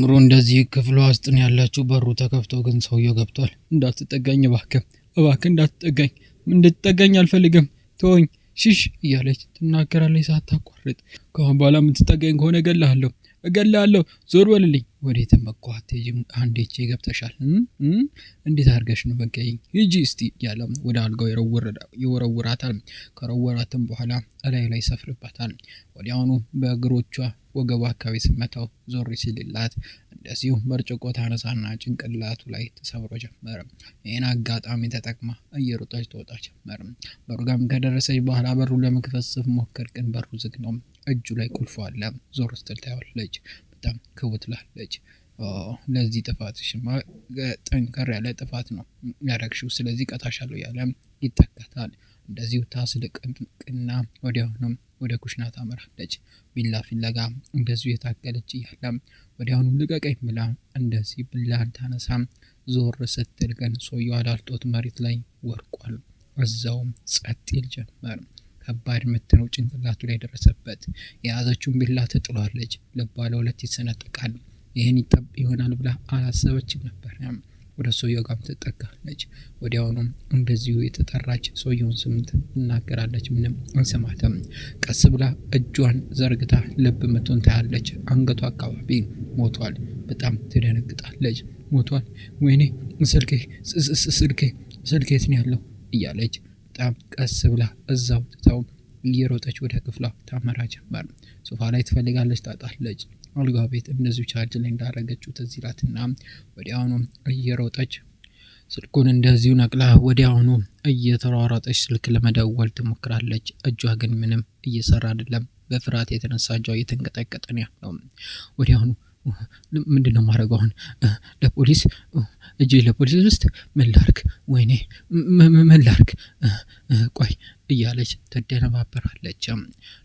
ምሮ እንደዚህ ክፍሉ ውስጥን ነው ያላችሁ። በሩ ተከፍቶ ግን ሰውየው ገብቷል። እንዳትጠጋኝ እባክህ፣ እባክህ እንዳትጠጋኝ፣ እንድትጠጋኝ አልፈልግም፣ ተወኝ፣ ሽሽ እያለች ትናገራለች ሳታቋርጥ። ከአሁን በኋላ የምትጠጋኝ ከሆነ እገልሃለሁ እገላለሁ፣ ዞር በልልኝ። ወዴት መኳት አትሄጂም። አንዴ ገብተሻል። እንዴት አድርገሽ ነው በጋይኝ? ሂጂ እስቲ እያለ ወደ አልጋው ይወረውራታል። ከረወራትም በኋላ እላዩ ላይ ይሰፍርባታል። ወዲያውኑ በእግሮቿ ወገቧ አካባቢ ስመታው ዞር ሲልላት እንደዚሁ በርጭቆ ታነሳና ጭንቅላቱ ላይ ተሰብሮ ጀመረ። ይህን አጋጣሚ ተጠቅማ እየሮጠች ተወጣ ጀመር። በሩጋም ከደረሰች በኋላ በሩ ለመክፈት ስትሞክር ግን በሩ ዝግ ነው። እጁ ላይ ቁልፎ አለ። ዞር ስትል ታያለች። በጣም ክውትላለች። ለዚህ ጥፋትሽማ ጠንከር ያለ ጥፋት ነው ያረግሽው፣ ስለዚህ ቀታሻለሁ ያለ ይተከታል እንደዚሁ ታስልቅና ወዲያውኑም ወደ ኩሽና ታመራለች። ቢላ ፍለጋ እንደዚሁ የታገለች እያለ ወዲያውኑ ልቀቀኝ ብላ እንደዚህ ብላን ታነሳ ዞር ስትል ግን ሰውየው አላልጦት መሬት ላይ ወርቋል እዛውም ጸጥ ይል ጀመር። ከባድ ምት ነው ጭንቅላቱ ላይ ደረሰበት። የያዘችውን ቢላ ትጥሏለች። ልቧ ለሁለት ይሰነጥቃል። ይህን ይጠብ ይሆናል ብላ አላሰበችም ነበር። ወደ ሰውየው ጋርም ትጠጋለች። ወዲያውኑም እንደዚሁ የተጠራች ሰውየውን ስም ትናገራለች። ምንም አንሰማትም። ቀስ ብላ እጇን ዘርግታ ልብ ምቱን ታያለች። አንገቷ አካባቢ ሞቷል። በጣም ትደነግጣለች። ሞቷል። ወይኔ ስልኬ ስልኬ ስልኬ የት ነው ያለው እያለች በጣም ቀስ ብላ እዛው ትታው እየሮጠች ወደ ክፍሏ ታመራ ጀመር። ሶፋ ላይ ትፈልጋለች፣ ታጣለች። አልጋ ቤት እንደዚሁ ቻርጅ ላይ እንዳረገችው ትዝ ይላትና ወዲያውኑ እየሮጠች ስልኩን እንደዚሁ ነቅላ ወዲያውኑ እየተሯሯጠች ስልክ ለመደወል ትሞክራለች። እጇ ግን ምንም እየሰራ አይደለም። በፍርሃት የተነሳ እጇ እየተንቀጠቀጠ ነው ያለው። ወዲያውኑ ምንድን ነው ማድረግ አሁን ለፖሊስ እጅ ለፖሊስ ውስጥ ምን ላርግ፣ ወይኔ ምን ላርግ፣ ቆይ እያለች ትደነባበራለች።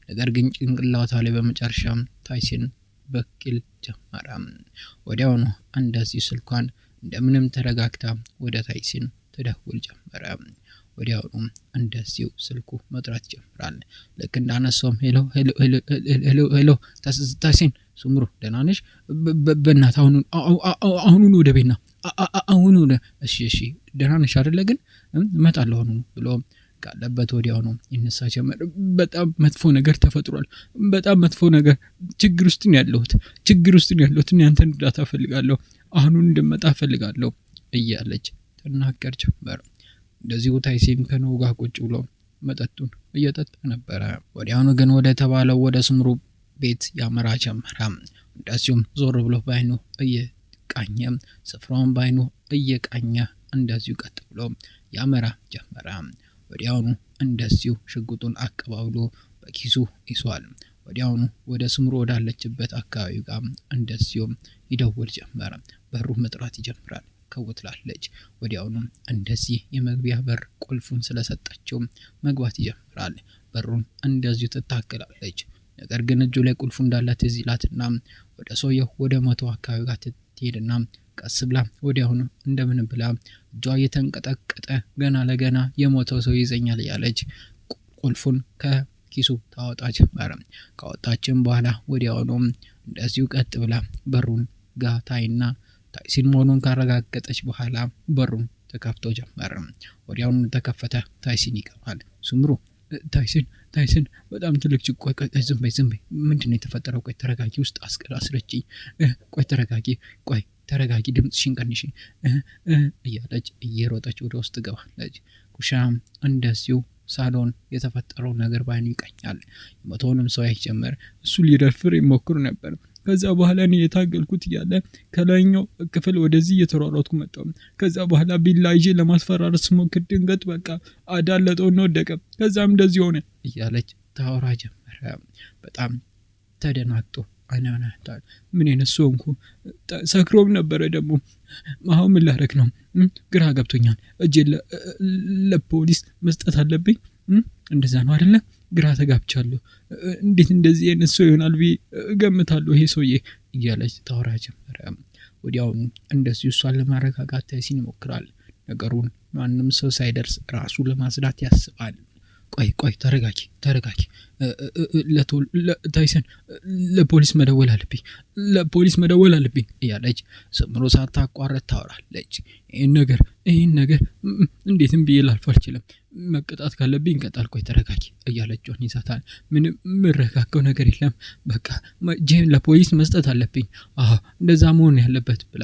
ነገር ግን ጭንቅላቷ ላይ በመጨረሻ ታይሲን በኪል ጀመረ። ወዲያውኑ አንዳዚህ ስልኳን እንደምንም ተረጋግታ ወደ ታይሲን ትደውል ጀመረ። ወዲያውኑ እንደዚሁ ስልኩ መጥራት ጀምራል ልክ እንዳነሳውም ሄሎ ታሲን ታይሲን፣ ስምሩ ደህና ነሽ? አሁኑን ወደ ቤና አሁኑ እሺ እሺ ደህና ነሽ አይደለ? ግን እመጣለሁ አሁኑ ብሎ ካለበት ወዲያው ነው ይነሳ ጀመር። በጣም መጥፎ ነገር ተፈጥሯል። በጣም መጥፎ ነገር፣ ችግር ውስጥ ነው ያለሁት፣ ችግር ውስጥ ነው ያለሁት። ያንተን እርዳታ እፈልጋለሁ፣ አሁኑን እንድመጣ ፈልጋለሁ እያለች ትናገር ጀመር። እንደዚሁ ታይሴም ከነው ጋር ቁጭ ብሎ መጠጡን እየጠጣ ነበረ። ወዲያውኑ ግን ወደ ተባለው ወደ ስምሩ ቤት ያመራ ጀመረ። እንደዚሁም ዞር ብሎ ባይኑ እየ እየቃኘ ስፍራውን ባይኑ እየቃኘ እንደዚሁ ቀጥ ብሎ ያመራ ጀመረ። ወዲያውኑ እንደዚሁ ሽጉጡን አቀባብሎ በኪሱ ይዟል። ወዲያውኑ ወደ ስምሮ ወዳለችበት አካባቢ ጋር እንደዚሁ ይደውል ጀመረ። በሩ መጥራት ይጀምራል። ከውትላለች ወዲያውኑ እንደዚህ የመግቢያ በር ቁልፉን ስለሰጠችው መግባት ይጀምራል። በሩን እንደዚሁ ትታክላለች። ነገር ግን እጁ ላይ ቁልፉ እንዳላት ትዝ ይላትና ወደ ሰውየው ወደ መቶ አካባቢ ጋር ትሄድና ቀስ ብላ ወዲያውኑ እንደምን ብላ እጇ የተንቀጠቀጠ ገና ለገና የሞተው ሰው ይዘኛል ያለች ቁልፉን ከኪሱ ታወጣች ነበረ። ካወጣችን በኋላ ወዲያውኑ እንደዚሁ ቀጥ ብላ በሩን ጋታይና ታይሲን መሆኑን ካረጋገጠች በኋላ በሩን ተከፍቶ ጀመረ። ወዲያውኑ ተከፈተ። ታይሲን ይገባል። ሱምሩ ታይሰን ታይሰን በጣም ትልቅ ጭ ቆይ ቆይ ዝም በይ ዝም በይ ምንድን ነው የተፈጠረው ቆይ ተረጋጊ ውስጥ አስረጭኝ ቆይ ተረጋጊ ቆይ ተረጋጊ ድምፅ ሽንቀንሽ እያለች እየሮጠች ወደ ውስጥ ገባለች ኩሻም እንደዚሁ ሳሎን የተፈጠረው ነገር ባይኑ ይቀኛል የመቶውንም ሰው ያይጀመር እሱ ሊደፍር ይሞክሩ ነበር ከዛ በኋላ እኔ የታገልኩት እያለ ከላይኛው ክፍል ወደዚህ እየተሯሯጥኩ መጣሁ። ከዛ በኋላ ቢላ ይዤ ለማስፈራረስ ሞክር፣ ድንገት በቃ አዳለጠውና ወደቀ። ከዛም እንደዚህ ሆነ እያለች ታወራ ጀመረ። በጣም ተደናግጦ አናናታል። ምን የነሱ ሰው ሰክሮም ነበረ ደግሞ። አሁን ምን ላረግ ነው? ግራ ገብቶኛል። እጄ ለፖሊስ መስጠት አለብኝ። እንደዛ ነው አይደለም ግራ ተጋብቻለሁ። እንዴት እንደዚህ አይነት ሰው ይሆናል ቢ እገምታለሁ ይሄ ሰውዬ እያለች ታወራ ጀመረ። ወዲያውኑ እንደዚህ እሷን ለማረጋጋት ሲን ይሞክራል። ነገሩን ማንም ሰው ሳይደርስ ራሱ ለማጽዳት ያስባል። ቆይ ቆይ፣ ተረጋጊ ተረጋጊ። ታይሰን ለፖሊስ መደወል አለብኝ፣ ለፖሊስ መደወል አለብኝ እያለች ስምሮ ሳታቋረጥ ታወራለች። ይህን ነገር ይህን ነገር እንዴትም ብዬ ላልፎ አልችልም። መቀጣት ካለብኝ እንቀጣል ቆይ ተረጋጊ እያለች እያለችውን ይዛታል። ምንም የምረጋገው ነገር የለም። በቃ ጄን ለፖሊስ መስጠት አለብኝ። አዎ እንደዛ መሆን ያለበት ብላ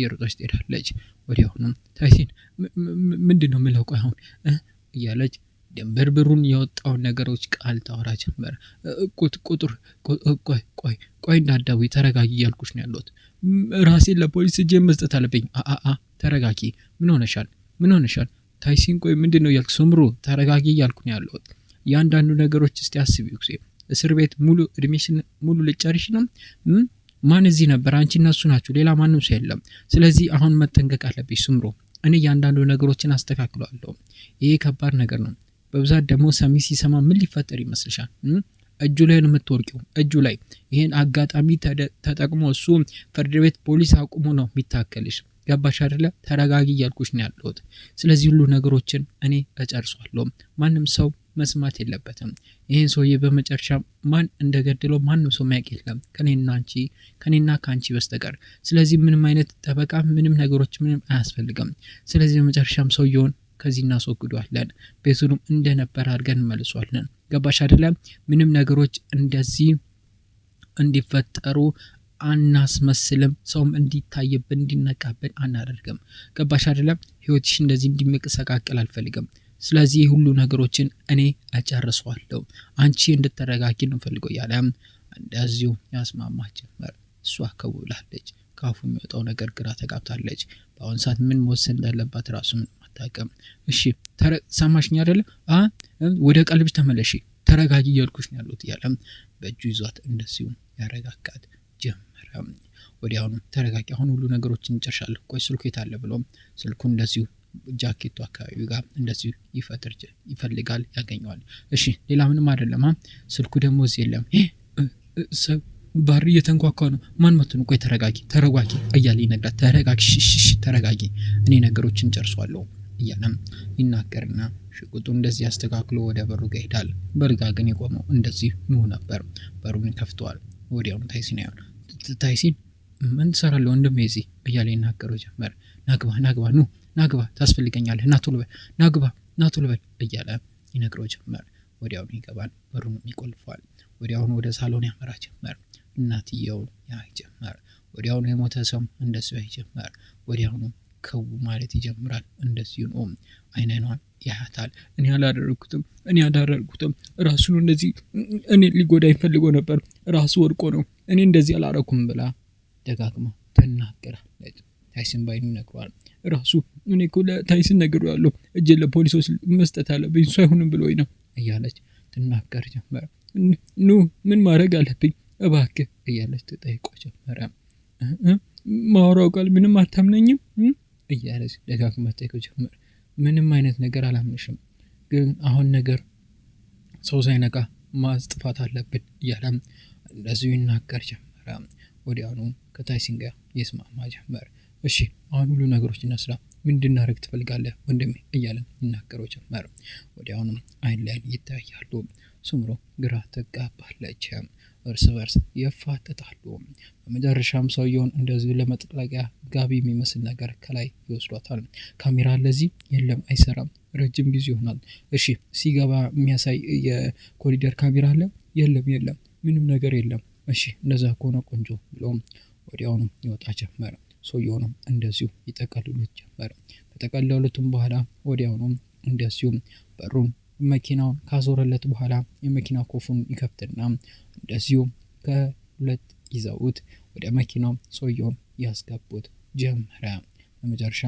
የሩጦች ትሄዳለች። ወዲያውኑም ታይሲን ምንድን ነው የምለው? ቆይ አሁን እያለች ድንብርብሩን የወጣውን ነገሮች ቃል ታወራ ጀመረ። ቁጥር ቆይ ቆይ ቆይ እንዳዳዊ ተረጋጊ እያልኩሽ ነው ያለሁት። ራሴን ለፖሊስ እጄ መስጠት አለብኝ። አአ ተረጋጊ፣ ምን ሆነሻል? ምን ሆነሻል? ታይሲን ቆይ ምንድን ነው እያልኩ ስምሩ፣ ተረጋጊ እያልኩ ነው ያለሁት። የአንዳንዱ ነገሮች እስቲ አስቢ ጊዜ እስር ቤት ሙሉ እድሜሽን ሙሉ ልጨርሽ ነው። ማን እዚህ ነበር? አንቺ እነሱ እሱ ናችሁ። ሌላ ማንም ሰው የለም። ስለዚህ አሁን መጠንቀቅ አለብሽ ስምሮ። እኔ እያንዳንዱ ነገሮችን አስተካክሏለሁ። ይሄ ከባድ ነገር ነው። በብዛት ደግሞ ሰሚ ሲሰማ ምን ሊፈጠር ይመስልሻል? እጁ ላይ ነው የምትወርቂው፣ እጁ ላይ። ይህን አጋጣሚ ተጠቅሞ እሱ ፍርድ ቤት ፖሊስ አቁሙ ነው የሚታከልሽ። ገባሽ አይደለ? ተረጋጊ እያልኩሽ ነው ያለሁት። ስለዚህ ሁሉ ነገሮችን እኔ እጨርሷለሁ። ማንም ሰው መስማት የለበትም። ይህን ሰውዬ በመጨረሻ ማን እንደገድለው ማንም ሰው ማያቅ የለም ከኔና አንቺ ከኔና ከአንቺ በስተቀር። ስለዚህ ምንም አይነት ጠበቃ ምንም ነገሮች ምንም አያስፈልግም። ስለዚህ በመጨረሻም ሰውየውን ከዚህ እናስወግዷለን። ቤቱንም እንደነበረ አድርገን እንመልሷለን። ገባሽ አደለ? ምንም ነገሮች እንደዚህ እንዲፈጠሩ አናስመስልም። ሰውም እንዲታይብን እንዲነቃብን አናደርግም። ገባሽ አደለ? ህይወትሽ እንደዚህ እንዲመቀሰቃቀል አልፈልግም። ስለዚህ ሁሉ ነገሮችን እኔ እጨርሰዋለሁ። አንቺ እንድትረጋጊ ነው ፈልገው እያለ እንደዚሁ ያስማማ ጀመር። እሷ ከውላለች፣ ካፉ የሚወጣው ነገር ግራ ተጋብታለች። በአሁን ሰዓት ምን መወሰን እንዳለባት ራሱም አትጠቀም። እሺ ሰማሽኝ አይደለ? አ ወደ ቀልብሽ ተመለሺ፣ ተረጋጊ እያልኩሽ ነው ያሉት እያለ በእጁ ይዟት እንደዚሁ ያረጋጋት ጀመረ። ወዲያውኑ ተረጋጊ፣ አሁን ሁሉ ነገሮችን እንጨርሻለሁ፣ ቆይ ስልኩ የት አለ ብሎ ስልኩ እንደዚሁ ጃኬቱ አካባቢ ጋር እንደዚሁ ይፈትር ይፈልጋል፣ ያገኘዋል። እሺ ሌላ ምንም አይደለም። ስልኩ ደግሞ እዚህ የለም። ሰው ባር እየተንኳኳ ነው። ማን መቶ ነው? ቆይ ተረጋጊ፣ ተረጓጊ እያለ ይነግራል። ተረጋጊ፣ ሽሽሽ፣ ተረጋጊ፣ እኔ ነገሮችን ጨርሷለሁ እያለም ይናገርና ሽጉጡ እንደዚህ አስተካክሎ ወደ በሩ ይሄዳል። በርጋ ግን የቆመው እንደዚህ ኑ ነበር። በሩን ከፍተዋል። ወዲያውኑ ታይሲን አይሆን ታይሲን ምን ትሰራለህ ወንድም የዚህ እያለ ይናገረው ጀመር። ናግባ ናግባ ኑ ናግባ ታስፈልገኛለህ፣ ናቶልበል ናግባ ናቶልበል እያለ ይነግረው ጀመር። ወዲያውኑ ይገባል። በሩንም ይቆልፈዋል። ወዲያውኑ ወደ ሳሎን ያመራ ጀመር። እናትየውን ያይ ጀመር። ወዲያውኑ የሞተ ሰው እንደሱ ያይ ጀመር። ወዲያውኑ ክው ማለት ይጀምራል። እንደዚሁ ነው። አይነኗን ያያታል። እኔ አላደረግኩትም፣ እኔ አላደረግኩትም፣ ራሱ እንደዚህ እኔ ሊጎዳ ይፈልገው ነበር፣ ራሱ ወድቆ ነው፣ እኔ እንደዚህ አላረኩም ብላ ደጋግማ ትናገራለች። ታይስን ባይኑ ይነግረዋል። ራሱ እኔ እኮ ለታይስን ያለው እጄን ለፖሊሶች መስጠት አለብኝ፣ እሱ አይሆንም ብሎኝ ነው እያለች ትናገር ጀመረ። ኑ ምን ማድረግ አለብኝ እባክህ እያለች ትጠይቆ ጀመረ። ማወራው ቃል ምንም አታምነኝም እያለች ደጋግማ መጠየቅ ጀመር። ምንም አይነት ነገር አላምንሽም፣ ግን አሁን ነገር ሰው ሳይነቃ ማስጥፋት አለብን እያለም እንደዚሁ ይናገር ጀመረ። ወዲያውኑ ከታይሲን ጋር የስማማ ጀመር። እሺ አሁን ሁሉ ነገሮች እናስራ፣ ምን እንድናደርግ ትፈልጋለህ ወንድሜ እያለም ይናገረው ጀመር። ወዲያውኑም አይን ላይን ይታያሉ። ስምሮ ግራ ተጋባለች። እርስ በርስ ይፋጠጣሉ። በመጨረሻም ሰውየውን እንደዚሁ ለመጥለቂያ ጋቢ የሚመስል ነገር ከላይ ይወስዷታል። ካሜራ ለዚህ የለም አይሰራም፣ ረጅም ጊዜ ይሆናል። እሺ ሲገባ የሚያሳይ የኮሪደር ካሜራ አለ? የለም የለም፣ ምንም ነገር የለም። እሺ እንደዛ ከሆነ ቆንጆ ብሎም ወዲያውኑ ይወጣ ጀመረ። ሰውየውንም እንደዚሁ ይጠቀልሉት ጀመረ። ከጠቀለሉትም በኋላ ወዲያውኑ እንደዚሁም በሩን መኪናውን ካዞረለት በኋላ የመኪና ኮፉን ይከፍትና እንደዚሁ ከሁለት ይዘውት ወደ መኪናው ሰውየውን ያስገቡት ጀመረ። በመጨረሻ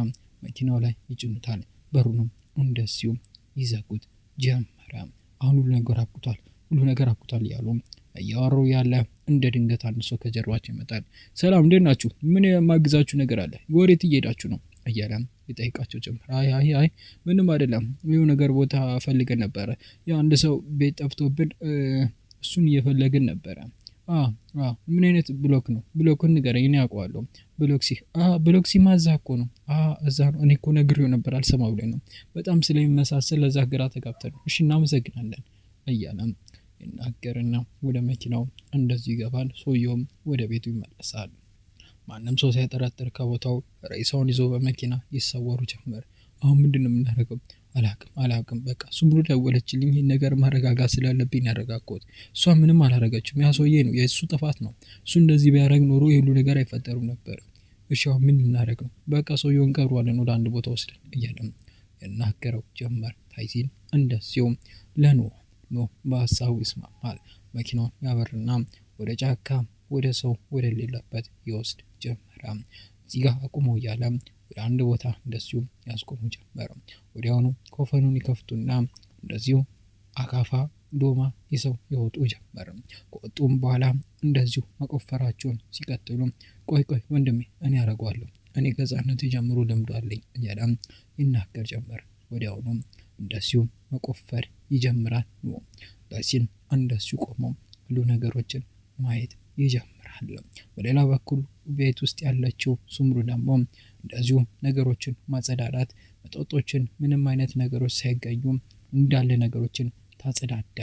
መኪናው ላይ ይጭኑታል። በሩንም እንደዚሁ ይዘጉት ጀመረ። አሁን ሁሉ ነገር አብቅቷል፣ ሁሉ ነገር አብቅቷል እያሉ እያወሩ ያለ እንደ ድንገት አንድ ሰው ከጀርባቸው ይመጣል። ሰላም፣ እንዴት ናችሁ? ምን የማግዛችሁ ነገር አለ? ወዴት እየሄዳችሁ ነው? እያለ ይጠይቃቸው ጭምር አይ አይ አይ ምንም አይደለም ይሁ ነገር ቦታ ፈልገን ነበረ የአንድ ሰው ቤት ጠፍቶብን እሱን እየፈለግን ነበረ ምን አይነት ብሎክ ነው? ብሎክን ንገረኝ፣ እኔ አውቀዋለሁ። ብሎክሲ ብሎክሲ ማዛ እኮ ነው እዛ ነው። እኔ እኮ ነግሬው ነበር አልሰማ ብሎኝ ነው። በጣም ስለሚመሳሰል ለዛ ግራ ተጋብተን ነው። እሺ እናመሰግናለን እያለም ይናገርና ወደ መኪናው እንደዚሁ ይገባል። ሰውየውም ወደ ቤቱ ይመለሳል። ማንም ሰው ሳይጠረጥር ከቦታው ሬሳውን ይዞ በመኪና ይሰወሩ ጀመር። አሁን ምንድን ነው የምናደርገው? አላቅም አላቅም። በቃ እሱ ብሎ ደወለችልኝ። ይህን ነገር ማረጋጋት ስላለብኝ ያረጋግኩት። እሷ ምንም አላረገችም። ያ ሰውዬ ነው፣ የእሱ ጥፋት ነው። እሱ እንደዚህ ቢያደርግ ኖሮ የሁሉ ነገር አይፈጠሩም ነበር። እሺ ምን እናደረግ ነው? በቃ ሰውየውን ቀብሯለን፣ ወደ አንድ ቦታ ወስደን እያለም ነው ያናገረው ጀመር። ታይሲን እንደዚሁም ለኖ ኖ በሀሳቡ ይስማማል። መኪናውን ያበርና ወደ ጫካ ወደ ሰው ወደሌለበት ይወስድ ጀመረ። እዚህ ጋር አቁሞ እያለ ወደ አንድ ቦታ እንደዚሁ ያስቆሙ ጀመረ። ወዲያውኑ ኮፈኑን ይከፍቱና እንደዚሁ አካፋ ዶማ ይዘው ይወጡ ጀመር። ከወጡም በኋላ እንደዚሁ መቆፈራቸውን ሲቀጥሉ ቆይ ቆይ ወንድሜ እኔ ያደርገዋለሁ እኔ ከሕፃንነት ጀምሮ ልምዱ አለኝ እያለ ይናገር ጀመር። ወዲያውኑ እንደዚሁ መቆፈር ይጀምራል። ኖ በሲል እንደዚሁ ቆመው ሁሉ ነገሮችን ማየት ይጀምራል። በሌላ በኩል ቤት ውስጥ ያለችው ሱምሩ ደግሞ እንደዚሁ ነገሮችን ማጸዳዳት፣ መጠጦችን ምንም አይነት ነገሮች ሳይገኙ እንዳለ ነገሮችን ታጸዳዳ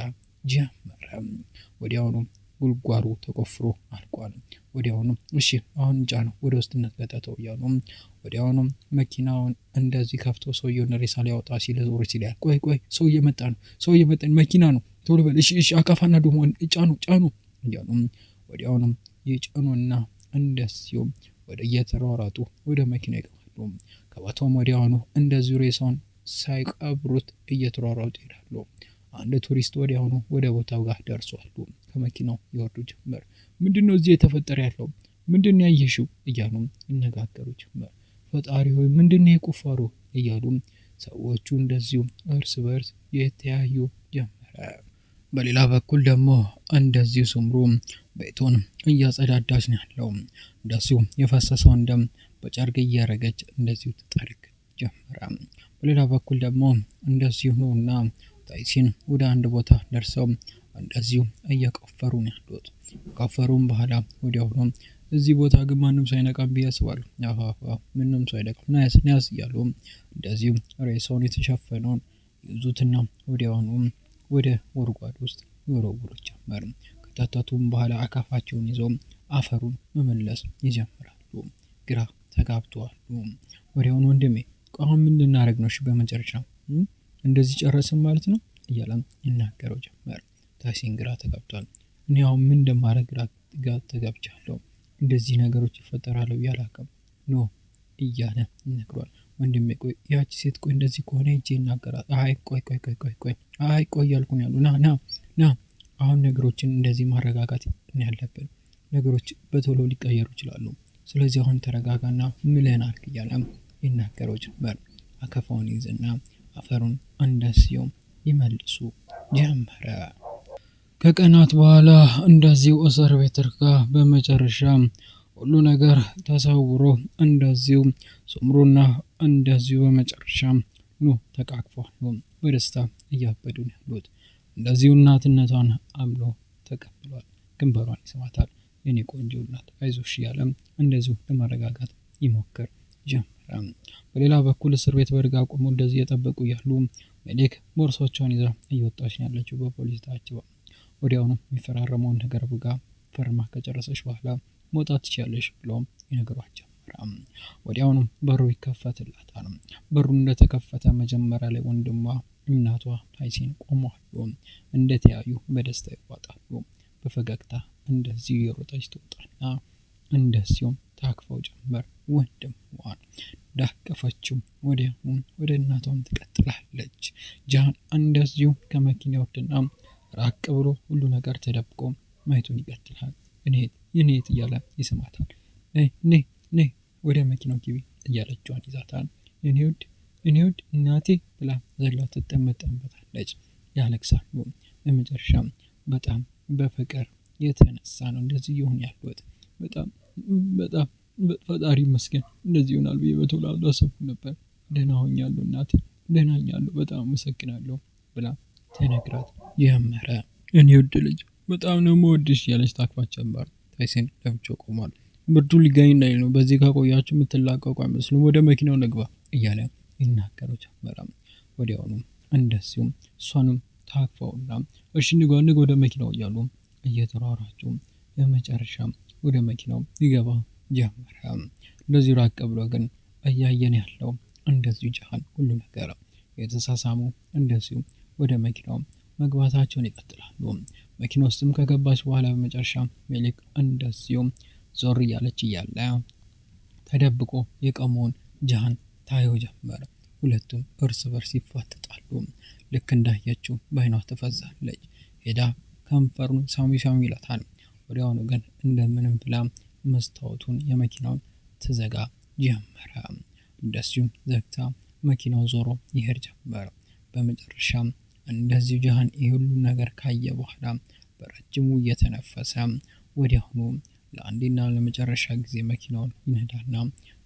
ጀመረ። ወዲያውኑ ጉልጓሩ ተቆፍሮ አልቋል። ወዲያውኑ እሺ አሁን እንጃ ነው ወደ ውስጥነት እንክተተው እያሉ ወዲያውኑ መኪናውን እንደዚህ ከፍቶ ሰውየውን ሬሳ ሊያወጣ ሲል ዞር ሲል ያል ቆይ ቆይ ሰው እየመጣ ነው፣ ሰው እየመጣ መኪና ነው፣ ቶሎ በል እሺ፣ እሺ አካፋና ደግሞ ጫኑ፣ ጫኑ እያሉ ወዲያውኑም ይጭኑና እንደዚሁም ወደ እየተሯሯጡ ወደ መኪና ይገባሉ። ከቦታውም ወዲያውኑ እንደ ሬሳውን ሳይቀብሩት እየተሯሯጡ ይሄዳሉ። አንድ ቱሪስት ወዲያውኑ ወደ ቦታው ጋር ደርሷሉ። ከመኪናው ይወርዱ ጀመር። ምንድን ነው እዚህ የተፈጠረ ያለው? ምንድን ያየሽው? እያሉ ይነጋገሩ ጀመር። ፈጣሪ ሆይ ምንድን የቁፋሩ እያሉ ሰዎቹ እንደዚሁ እርስ በርስ የተያዩ ጀመረ። በሌላ በኩል ደግሞ እንደዚህ ስምሩ ቤቱን እያጸዳዳች ነው ያለው። እንደሱ የፈሰሰውን ደም በጨርግ እያረገች እንደዚሁ ትጠርግ ጀመረ። በሌላ በኩል ደግሞ እንደዚሁ ነውና ታይሲን ወደ አንድ ቦታ ደርሰው እንደዚሁ እየቆፈሩ ነው ያሉት። ከቆፈሩም በኋላ ወዲያውኑ እዚህ ቦታ ግን ማንም ሰው አይነቃም ብዬ አስባለሁ። ምንም ሰው አይነቃም፣ ናያስ ናያስ እያሉ እንደዚሁ ሬሳውን የተሸፈነውን ይዙትና ወዲያውኑ ወደ ወርጓድ ውስጥ ይወረውሩ ጀመር። ከታታቱም በኋላ አካፋቸውን ይዘው አፈሩን መመለስ ይጀምራሉ። ግራ ተጋብተዋሉ። ወዲያውን ወንድሜ አሁን ምን ልናደርግ ነው? በመጨረሻ እንደዚህ ጨረስን ማለት ነው እያለ ይናገረው ጀመር። ታሲን ግራ ተጋብቷል። እኔ አሁን ምን እንደማደርግ ግራ ጋር ተጋብቻለሁ። እንደዚህ ነገሮች ይፈጠራሉ ያላቀም ኖ እያለ ይነግሯል። ወንድሜ ቆይ፣ ያቺ ሴት ቆይ፣ እንደዚህ ከሆነ እጄ ይናገራል። አይ ቆይ ቆይ ቆይ ቆይ ቆይ፣ አይ ቆይ ያልኩን ያሉ ና ና ና። አሁን ነገሮችን እንደዚህ ማረጋጋት ያለብን ነገሮች በቶሎ ሊቀየሩ ይችላሉ። ስለዚህ አሁን ተረጋጋና ምልህን አርግ እያለ ይናገረው ጀመር። አከፋውን ይዝና አፈሩን እንደስየው ይመልሱ ጀመረ። ከቀናት በኋላ እንደዚሁ እስር ቤት እርካ በመጨረሻ ሁሉ ነገር ተሰውሮ እንደዚሁ ሶምሮና እንደዚሁ በመጨረሻ ኑ ተቃቅፏል በደስታ እያበዱን ያሉት እንደዚሁ እናትነቷን አምሎ ተቀብሏል። ግንባሯን ይስማታል። የኔ ቆንጆ እናት አይዞሽ እያለም እንደዚሁ ለማረጋጋት ይሞክር ጀመረ። በሌላ በኩል እስር ቤት በርጋ ቆሞ እንደዚህ እየጠበቁ ያሉ መሌክ ቦርሶቿን ይዛ እየወጣች ነው ያለችው። በፖሊስ ታጅባ ወዲያውኑ የሚፈራረመውን ነገር ብጋ ፈርማ ከጨረሰች በኋላ መውጣት ትችላለች ብለውም ይነግሯቸው ወዲያውኑ በሩ ይከፈትላታል። በሩ እንደተከፈተ መጀመሪያ ላይ ወንድሟ እናቷ ታይሲን ቆሟሉ እንደተያዩ በደስታ ይዋጣሉ። በፈገግታ እንደዚሁ የሮጠች ትወጣና እንደዚሁም ታክፈው ጀመር ወንድሟን ዳቀፈችው። ወዲያውኑ ወደ እናቷም ትቀጥላለች። ጃን እንደዚሁ ከመኪና ወድና ራቅ ብሎ ሁሉ ነገር ተደብቆ ማየቱን ይቀጥላል። እኔት እኔት እያለ ይስማታል። እኔ እኔ ወደ መኪናው ግቢ እያለችዋን ይዛታል። እኔውድ እኔውድ እኔ ውድ እናቴ ብላ ዘላው ትጠመጠምበታለች። ያለቅሳሉ። በመጨረሻም በጣም በፍቅር የተነሳ ነው እንደዚህ ይሆን ያሉት። በጣም በጣም ፈጣሪ መስገን እንደዚህ ይሆናል ብዬ በቶሎ አላሰብኩም ነበር። ደህና ሆኛሉ እናቴ፣ ደህና በጣም አመሰግናለሁ ብላ ተነግራት የመረ እኔ ውድ ልጅ በጣም ነው የምወድሽ እያለች ታቅፋት ጀመር። ታይሴን ለብቻው ቆሟል። ብርዱ ሊገኝ እንዳይ ነው። በዚህ ከቆያችሁ የምትላቀቁ አይመስልም። ወደ መኪናው ነግባ እያለ ይናገረው ጀመረ። ወዲያውኑ እንደዚሁም እሷንም ታቅፈውና እሺ ንጓ ንግ ወደ መኪናው እያሉ እየተሯሯቸው በመጨረሻ ወደ መኪናው ይገባ ጀመረ። እንደዚሁ ራቅ ብሎ ግን እያየን ያለው እንደዚሁ ጃሃን ሁሉ ነገር የተሳሳሙ እንደዚሁ ወደ መኪናው መግባታቸውን ይቀጥላሉ። መኪና ውስጥም ከገባች በኋላ በመጨረሻ ሜሊክ እንደዚሁም ዞር እያለች እያለ ተደብቆ የቀመውን ጃሃን ታየው ጀመረ። ሁለቱም እርስ በርስ ይፋጠጣሉ። ልክ እንዳየችው በአይኗ ትፈዛለች። ሄዳ ከንፈሩን ሳሚ ሳሚ ይላታል። ወዲያውኑ ግን እንደምንም ብላ መስታወቱን የመኪናውን ትዘጋ ጀመረ። እንደዚሁም ዘግታ መኪናው ዞሮ ይሄድ ጀመረ። በመጨረሻም እንደዚህ ጃሃን የሁሉ ነገር ካየ በኋላ በረጅሙ እየተነፈሰ ወዲያሁኑ ለአንዴና ለመጨረሻ ጊዜ መኪናውን ይነዳና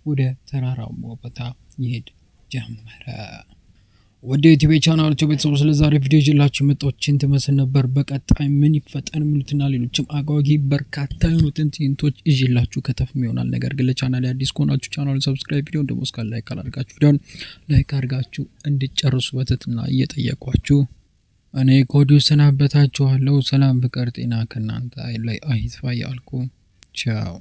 ወደ ተራራማ ቦታ ይሄድ ጀመረ። ወደ ዩቲዩብ ቻናላችሁ ቤተሰቡ ስለዛሬ ቪዲዮ ይዤላችሁ መጣሁችን ትመስል ነበር። በቀጣይ ምን ይፈጠን የሚሉትና ሌሎችም አጓጊ በርካታ የሆኑትን ትንቶች ይዤላችሁ ከተፍም ይሆናል። ነገር ግን ለቻናል አዲስ ከሆናችሁ ቻናሉን ሰብስክራይብ፣ ቪዲዮን ደግሞ እስካል ላይክ አላደርጋችሁ ቪዲዮን ላይክ አድርጋችሁ እንድጨርሱ በትህትና እየጠየኳችሁ እኔ ከወዲሁ ሰናበታችኋለሁ። ሰላም፣ ፍቅር፣ ጤና ከእናንተ ላይ አይጥፋ እያልኩ ቻው።